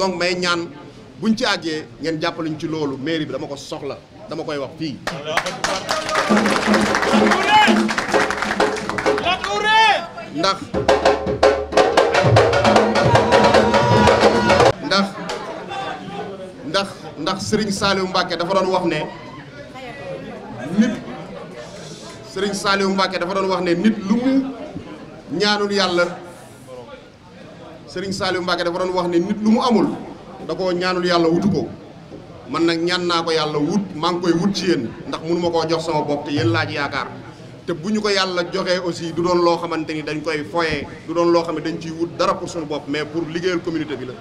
donc may ñaan buñ ci àggee ngeen jàppaliñ ci loolu mairie bi dama ko soxla dama koy wax fii. ndax ndax ndax ndax Serigne Saliou Mbacke dafa doon wax ne nit sëriñ Saliou Mbacke dafa doon wax ne nit lu mu ñaanul yàlla. Serigne Saliou Mbacke dafa doon wax ni nit lu mu amul da koo ñaanul yàlla wutu ko man nag ñaan naa ko yàlla wut maa ngi koy wut ci yéen ndax mënu ma koo jox sama bopp te yéen laaj ci yaakaar te bu ñu ko yàlla joxee aussi du doon loo xamante ni dañ koy foyee du doon loo xam ne dañ ciy wut dara pour suñu bopp mais pour liggéeyal communauté bi la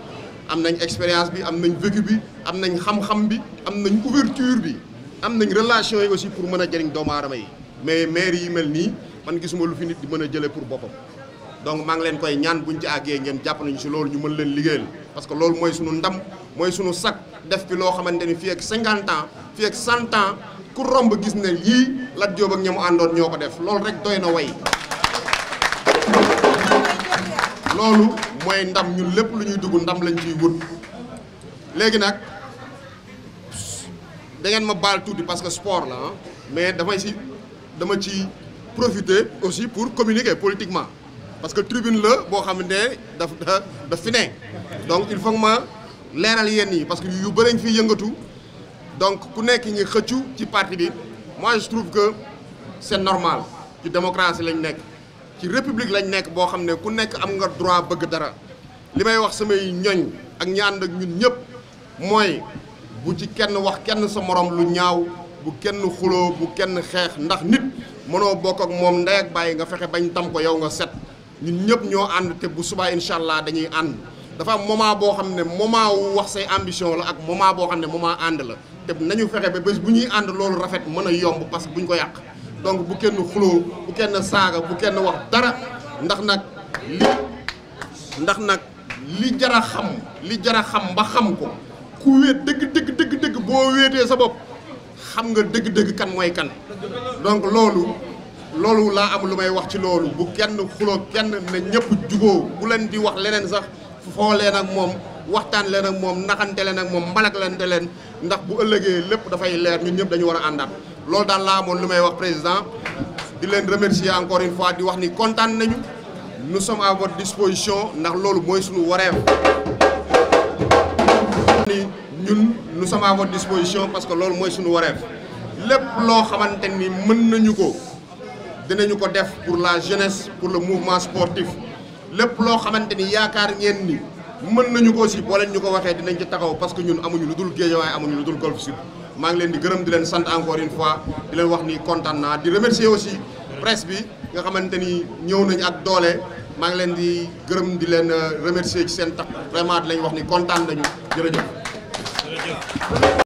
am nañ expérience bi am nañ vécu bi am nañ xam-xam bi am nañ ouverture bi am nañu relation yi aussi pour mën a jëriñ doomu aadama yi mais maire yi mel nii man gisuma lu fi nit mën a jëlee boppam donc maa ngi leen koy ñaan buñ ci àggee ngeen jàpp nañu si loolu ñu mën leen liggéeyal parce que loolu mooy sunu ndam mooy sunu sakk def fi loo xamante ni fii ak 50 ans fii ak 100 ans ku romb gis ne lii la Diop ak ña mu àndoon ñoo ko def loolu rek doy na way loolu mooy ndam ñun lépp lu ñuy dugg ndam lañu ciy wut léegi nag da ngeen ma baal tuuti parce que sport la ah, mais damay si dama ci profiter aussi pour communiquer politiquement parce que tribune la boo xam ne daf daf fi donc il faut que ma leeral yenn yi parce que yu bëri ñu fi yëngatu donc ku nekk ñi xëccu ci parti bi moi je trouve que c'est normal ci démocratie lañ nekk ci république lañ nekk boo xam ne ku nekk am nga droit bëgg dara li may wax samay ñoñ ak ñaan ak ñun ñëpp mooy bu ci kenn wax kenn sa morom lu ñaaw bu kenn xuloo bu kenn xeex ndax nit mënoo bokk ak moom ndey ak bàyyi nga fexe bañ tam ko yow nga set ñun ñëpp ñoo ànd te bu subaa incha allah dañuy ànd dafa am moment boo xam ne moment wu wax say ambition la ak moment boo xam ne moment ànd la te nañu fexe ba bés bu ñuy ànd loolu rafet mën a yomb parce que bu ñu ko yàq donc bu kenn xuloo bu kenn saaga bu kenn wax dara ndax nag li ndax nag li jar a xam li jar a xam ba xam ko ku wéet dëgg dëgg dëgg boo wéetee sa bopp xam nga dëgg-dëgg kan mooy kan donc loolu loolu laa am lu may wax ci loolu bu kenn xuloo kenn ne ñëpp juboo bu leen di wax leneen sax foo leen ak moom waxtaan leen ak moom naxante leen ak moom mbalak leen te leen ndax bu ëllëgee lépp dafay leer ñun ñëpp dañu war a àndaat loolu daan laa amoon lu may wax président di leen remercier encore une fois di wax ni kontaan nañu nous sommes à disposition ndax loolu mooy suñu wareef ni ñun nous disposition parce que loolu mooy suñu wareef lépp loo xamante ni mën nañu ko dinañu ko def pour la jeunesse pour le mouvement sportif lépp loo xamante ni yaakaar ngeen ni mën nañu ko aussi boo leen ñu ko waxee dinañ ci taxaw parce que ñun amuñu lu dul Guédiawaye amuñu lu dul Golf Sud maa ngi leen di gërëm di leen sant encore une fois di leen wax ni kontaan di remercier aussi presse bi nga xamante ni ñëw nañ ak doole maa ngi leen di gërëm di leen euh, remercier ci seen tax vraiment di lañ wax ni kontaan nañu jërëjëf.